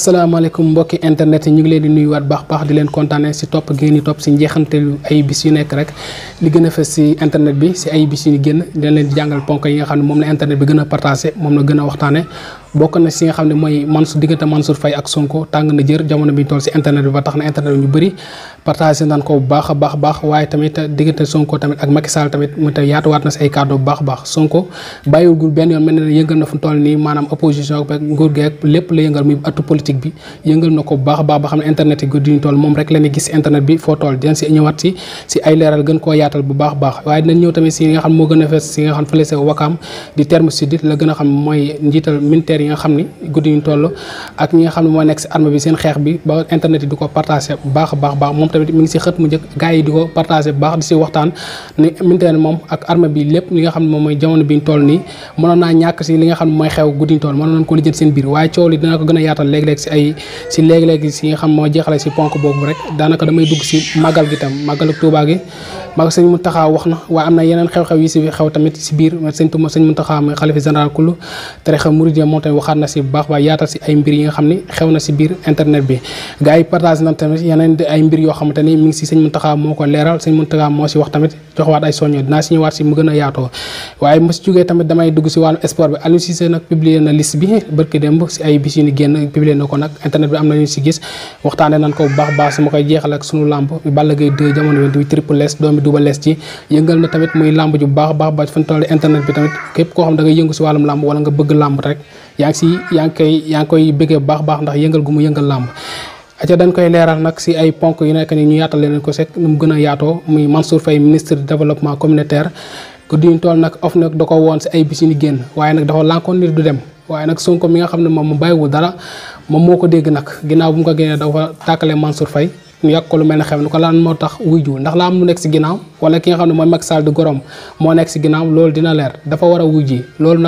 asalaamaaleykum mbokki internet yi ñu ngi leen di nuyuwaat baax baax di leen kontaane si topp ngeen di topp si njeexanteelu ay bis yu nekk rek li gën a fës si internet bi si ay bis yu ñu génn dina leen di jàngal ponk yi nga xam ne moom la internet bi gën a partagé moom na gën a waxtaane bokk na si nga xam ne mooy diggante Mansour Faye ak Sonko tàng na jër jamono bi ñu toll si internet bi ba tax na internet bi ñu bëri partagé a baax baax waaye tamit diggante Sonko tamit ak si ay a baax Sonko bàyyiwul gul benn na fu toll nii maanaam opposition ak nguur gi ak lépp la ba xam ne a baax waaye moo gën a fees si nga xam fële sa wakaam di terme sud la gën a xam mooy njiital militaire militaire yi nga xamni ni guddi ñu tollu ak ñi nga xamni mo nek ci arme bi seen xex bi ba internet yi di ko partagé bu baax baax baax mom tamit mi ngi ci xet mu jëk gaay yi di ko partagé bu baax di ci waxtaan ni militaire mom ak arme bi lepp li nga xamni mom moy jamono bi ñu toll ni mëna na ñak ci li nga xamni moy xew guddi ñu toll mëna nañ ko lijjël seen biir way ciowli dina ko gëna a yaatal leg leg ci ay ci leg leg si nga xam mo jexale ci ponk bobu rek daanaka damay dugg ci magal gi tam magal Tuubaa gi ma ko seigne wax waxna wa amna yenen xew-xew yi ci xew tamit si biir seigne Tuubaa seigne Muntaxa moy xalifa general kullu tare xam mouride tamit waxaat na si bu baax waaye yaatal si ay mbir yi nga xam ne xew na si biir internet bi gars yi partage na tamit yeneen ay mbir yoo xamante ni mi ngi si sëñ Mountakha moo ko leeral sëñ Mountakha a yaatoo waaye mu si jógee tamit damay dugg si wàllum baax baax baax baax baax fan toll internet bi tamit képp koo xam da nga yëngu si wàllum làmb wala nga bëgg làmb rek yaa ngi si yaa ngi koy yaa ngi koy bëggee bu baax baax ndax yëngal gu mu yëngal làmb aca dañ koy leeral nag si ay ponk yu nekk ni ñu yaatal leen ko sekk nu mu gën a yaatoo muy Mansour Faye ministre du développement communautaire guddi ñu toll nag of nag da ko woon si ay bis ñu génn waaye nag dafa lànkoon nit du dem waaye nag Sonko mi nga xam ne moom mu bàyyiwul dara moom moo ko dégg nag ginnaaw bu mu ko génnee dafa tàkkale Mansour Faye ñu yàq ko lu mel na xam ne ko lan moo tax wuyju ndax la am lu nekk si ginnaaw wala ki nga xam ne mooy Macky Sall di gorom moo nekk si ginnaaw loolu dina leer dafa war a wujji loolu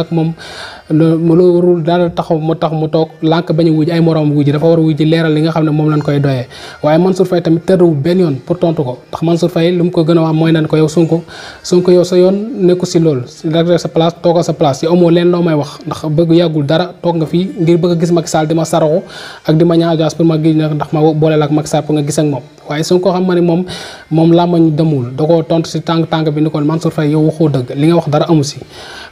loo warul dara taxaw mu tax mu toog lànk bañ a ay moroom wuj dafa war a wuj leeral li nga xam ne moom lañ koy doyee waaye Mansour Faye tamit tërëwul benn yoon pour tontu ko ndax Mansour Faye lu mu ko gën a wax mooy nan yoon nekku si loolu rek sa place sa place amoo leen loo may wax ndax bëgg yàggul dara toog nga fii ngir bëgg a gis mag Sall di ma saraxu ak di ma ñaan pour ma gis ndax ma booleel ak mag Sall pour nga gis ak moom waaye ko xam nga ne moom moom làmmañ demul da koo tontu si tàng tàng bi ni kon Mansour Faye yow waxoo dëgg li nga wax dara amu si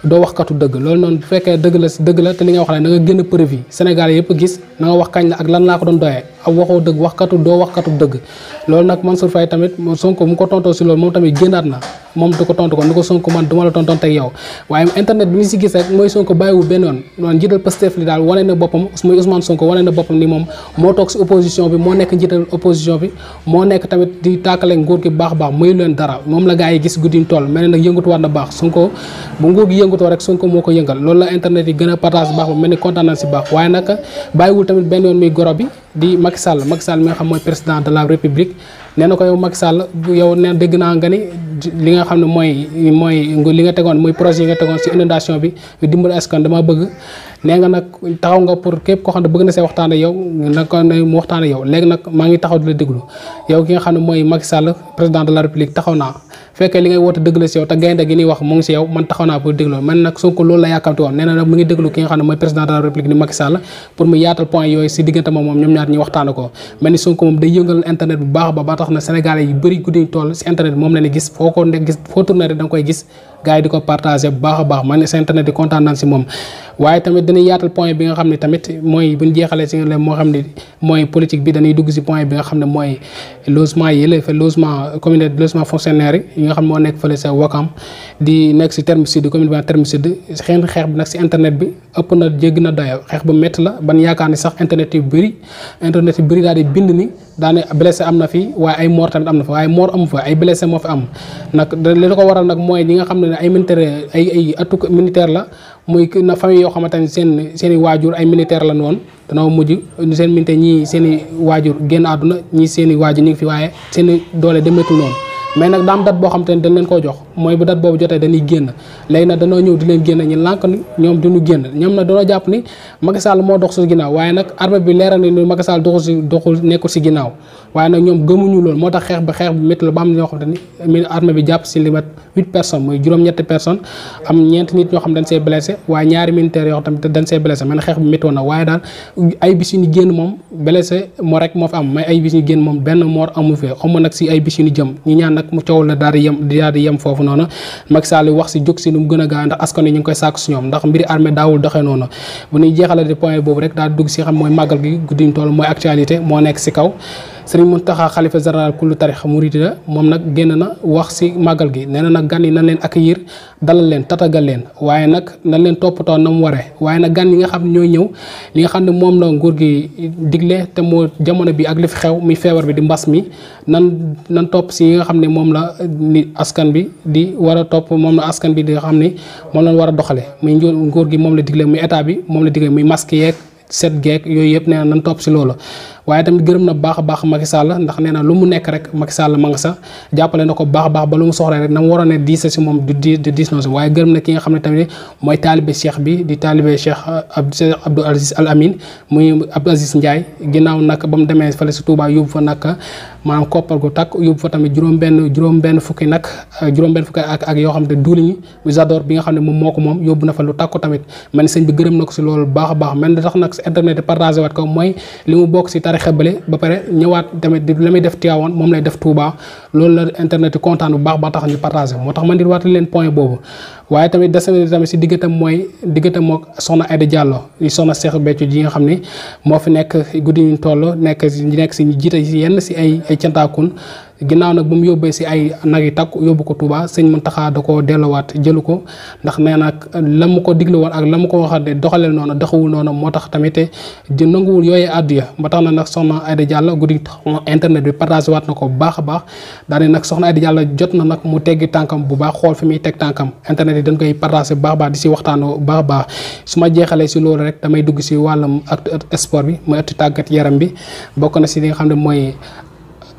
doo katu dëgg loolu noonu bu fekkee dëgg la dëgg la te li nga wax ne na nga génn preuve yi Sénégal yëpp gis na nga wax kañ la ak lan laa ko doon doyee ak waxoo dëgg waxkatu doo waxkatu dëgg loolu nag Mansour Faye tamit Sonko mu ko tontoo si loolu moom tamit génnaat na moom du ko tontu ko ni ko Sonko man du ma la tontoon teg yow waaye internet bi ñu si gis rek mooy Sonko bàyyiwu benn yoon noonu njiital Pastef li daal wane na boppam muy Ousmane Sonko wane na boppam ni moom moo toog si opposition bi bi moo nekk tamit di tàkkale nguur gi baax baax muy leen dara moom la gars yi gis guddi toll mel ne nag yëngutuwaat na baax Sonko bu nguur gi yëngutoo rek Sonko moo ko yëngal loolu la internet yi gën a partage baax ba mel ni kontaan na si baax waaye bàyyiwul benn yoon muy goro bi di Macky Sall Macky Sall mi nga xam mooy président de la République nee na ko yow Macky Sall yow nee dégg naa nga ni li nga xamne moy moy mooy li nga tegoon moy projet nga tegoon ci inondation bi dimbal askan dama bëgg ne nga nak taxaw nga pour kep ko xamne bëgg na sé waxtaan yow nak ko ne mu waxtaan yow léegi nak ma ngi taxaw dula la déglu yow ki nga xamne moy Macky Sall président de la république taxaw na fekkee li ngay woote dëgg ci yow ta gaynde gi ni wax mo ngi ci yow man taxaw na pour déglu man nak Sonko loolu la yakamti won nee nak mu ngi déglu ki nga xamne moy président de la république ni Macky Sall pour mu yaatal point yoy ci digënta mom ñom ñaar ñi waxtaan ko melni Sonko mom day yëngal internet bu baax ba ba tax na sénégalais yu bari guddi tool ci internet mom la ni gis fo kon ko gis foo tourné rek da nga koy gis gaay diko partager bu baax baax man seen internet di content nan si moom waye tamit dañuy yaatal point bi nga xamni tamit moy buñu jéxalé ci ngeen mo xamni moy politique bi dañuy dugg ci point bi nga xamni moy logement yi la fa logement communauté de logement fonctionnaire yi nga xam mo nek fele sa Wakam di nek si terme sud commune bi terme sud xéen xeex bi nag si internet bi ëpp na jégg na doyo xeex bu metti la ban yaakaar ni sax internet yu bëri internet yu bëri daal di bind ni daane blessé amna fi waaye ay mort tamit amna fa waaye mort am fa ay blessé mo fi am nag li ko waral nak moy ñi nga xamni ne ay militaire ay ay atuk militaire la muy na famille yoo xamante ne seen seen waajur ay militaire la woon danoo mujj seen militaire ñii seen waajur génn àdduna ñii seeni i waajur ñu ngi fi waaye seen doole demeetul noonu mais nag daam dat boo xamante ne dañ leen koo jox mooy bu date boobu jotee dañuy génn léegi nag danoo ñëw di leen génn ñu lànk ñoom duñu génn ñoom nag danoo jàpp ni Macky moo dox si ginnaaw waaye nag ñoom gëmuñu loolu moo tax xeex ba xeex bi jàpp na waaye daal ay bis yu ñu génn moom benn mort amu fi xaw nag si ay bis yu ñu jëm ñu ñaan nag mu coow la daal di yem daal di yem foofu noonu Macky Sall wax si jóg si nu mu gën a gaaw ndax askan wi ñu ngi koy sàkk si ñoom ndax mbiri armée daawul doxee noonu bu ñuy jeexalate point boobu rek daal dugg si xam mooy màggal gi guddiñ toll mooy actualité moo nekk si kaw سري منتخب خليفة زرنا كل تاريخ موريدة ممنك جننا وقسي مغلق ننا غني نلين أكير دللين تتغلين وينك نلين توبطا نموارة وينك غني يخاف نيو نيو ليخاف نمومنا نقولي دقلة تمو جمعنا بي أغلف خيو مي فيور بي دمباس مي نن نن توب سي يخاف نمومنا ني أسكن بي دي وارا توب مومنا أسكن بي دي يخاف ني وارا دخلة مي نجو نقولي مومنا دقلة مي أتابي مومنا دقلة مي ماسكيك set gag yoyep ne nan top si waaye tamit gërëm na baax a baax Macky Sall ndax nee na lu mu nekk rek Macky Sall ma nga sa jàppale na ko baax a baax ba lu mu soxla rek nag benn juróom-benn fukki nag euh, juróom-benn fukki ak ak yoo xam ne duuliñu bi nga xam moom moo ko moom yóbbu na fa lu takku tamit man sëñ bi gërëm na ko si loolu baax baax man tax nag internet partagé waat ko mooy li mu bokk si tarix tarixa bële ba pare ñëwaat tamit di la may def Tiwaawan moom lay def Touba loolu la internet yi bu baax ba tax ñu partagé moo tax man di waatale leen point boobu waaye tamit des na tamit si diggantam mooy diggantam mook soxna Aida Diallo soxna Cheikh Béthio ji nga xam ni moo fi nekk guddi ñu toll nekk nekk si ñu jiite yenn si ay ay cantaakun ginnaaw nag bu mu yóbbee si ay nag yi takk yóbbu ko Touba sëñ Mountakha da koo delloowaat jëlu ko ndax nee nag la mu ko digle woon ak la mu ko waxal ne doxaleel noonu doxawul noonu moo tax tamit di nanguwul yooyee àddiya tax na nag soxna Aïda Diallo guddi internet bi partage waat na ko bu baax a baax daal nag soxna Aïda Diallo jot na nag mu teggi tànkam bu fi muy teg tànkam internet yi dañ koy partage bu baax di si waxtaanoo bu baax baax su ma jeexalee si loolu rek damay dugg si wàllum ak sport bi mooy ëtt tàggat yaram bi bokk na si li nga xam ne mooy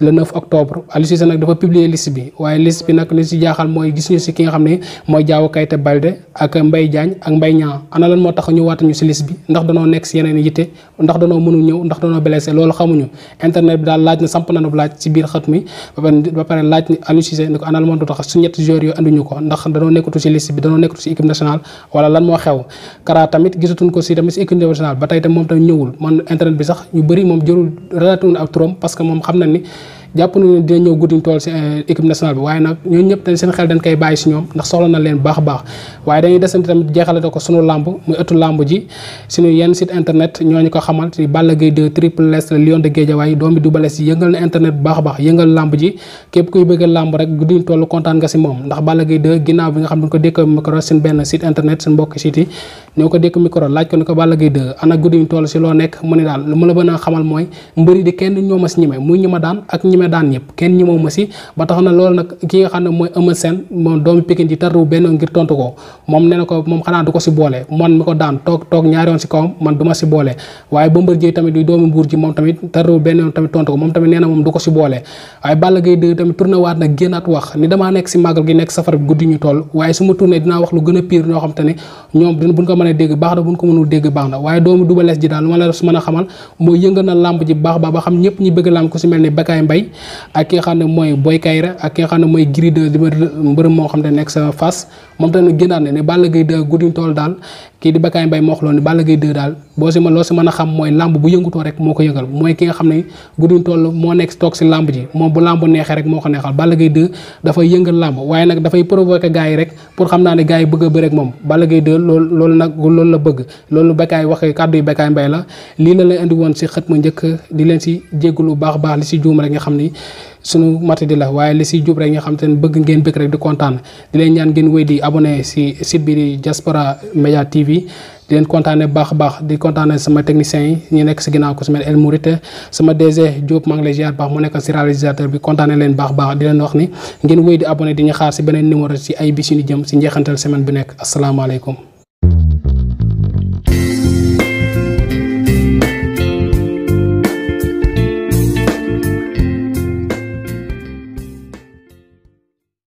le 9 octobre Aliou Cissé nag dafa si ki nga xam ne mooy Diao Kayité moo tax ñu waatuñu si liste bi danoo nekk si yeneen yitte ndax danoo mënu ñëw ndax danoo blessé na samp nanu laaj si biir xët mi ba pare laaj ni Aliou ni ko ana lan moo tax su ñetti joueurs yooyu anduñu ko ndax danoo nekkatu si liste bi danoo nekkatu si équipe nationale wala lan moo xew Kara tamit gisatuñ ko si tamit si équipe nationale ba tey tam moom tam ñëwul man internet bi sax ñu bëri moom jërul relaté ak turam parce moom xam na ni jàpp nañu ne dina ñëw guddi tool si euh, équipe nationale bi waaye nag ñooñu ñëpp dañ seen xel dañ koy bàyyi si ñoom ndax soxla na leen baax a baax waaye dañuy desante tamit jeexalate ko sunu làmb muy ëttu làmb ji suñu yenn site internet ñu ko xamal ci Balla Gaye 2 triple S le lion de Guédiawaye doomi Double Less yëngal na internet baax baax yëngal làmb ji képp kuy bëgg làmb rek guddi tool kontaan nga si moom ndax Balla Gaye 2 ginnaaw bi nga xam ne ko dékk micro seen benn site internet seen mbokk ñoo ko dékk micro laaj ko ni ko Balla Gaye 2 ana guddi ñu toll si loo nekk mu ne daal lu la mën a xamal mooy mbëri di kenn ñoo ma si ñime muy ñi ma daan ak ñi ma daan ñëpp kenn ñi moo ma si ba tax na loolu nag ki nga xam ne moom du ko si boole waaye Bombardier tamit di tamit tarru benn yoon tamit wax ni damaa nekk si màggal gi nekk safar bi guddi ñu toll waaye su ma tourné dinaa wax lu gën a pire ñoo xam te ne ñoom buñ ko mëna dégg baax na buñ ko mënul dégg baax na waye doomu duba les ji daal lu ma la mën a xamal mooy yëngal na làmb ji baax ba ba xam ñepp ñi bëgg lamb ku ci melni bakay Mbay ak ki xamne moy Boy Kayra ak ki xamne moy ne mooy Gris 2 di ma mbërëm moo xam ne nekk sa face mom tane génnaat ne Balla Gaye de guddi tol daal ki di bakay Mbay mo xoloon ni Balla Gaye de daal bo ci ma lo ci mëna xam moy lamb bu yëngu to rek moko ko yëngal mooy ki nga xamne ne guddi tool moo nekk toog si làmb ji mom bu lamb neex rek moko neexal Balla de da fay yëngal lamb waye nak da fay provoquer gaay rek pour xam naa ne gaay bëgg bëre rek mom Balla Gaye de lol lol nak loolu la bëgg loolu Bécaye waxee kàddu yi Bécaye Mbaye la lii la leen indi woon si xët mu njëkk di leen si jéggalu baax baax li si juum rek nga xam ni sunu matadi la waaye li si jub rek nga xam te ne bëgg ngeen bëgg rek di kontaan di leen ñaan ngeen wéy di abonné si site bi di Diaspora Media TV di leen kontaane baax a di kontaane sama techniciens yi ñu nekk si ginnaaw ko su mel El Mouride sama DG Diop maa ngi lay ziar baax mu nekk si réalisateur bi kontaane leen baax baax di leen wax ni ngeen wéy di abonné di ñu xaar si beneen numéro si ay bis yu ñu jëm si njeexantal semaine bi nekk asalaamaaleykum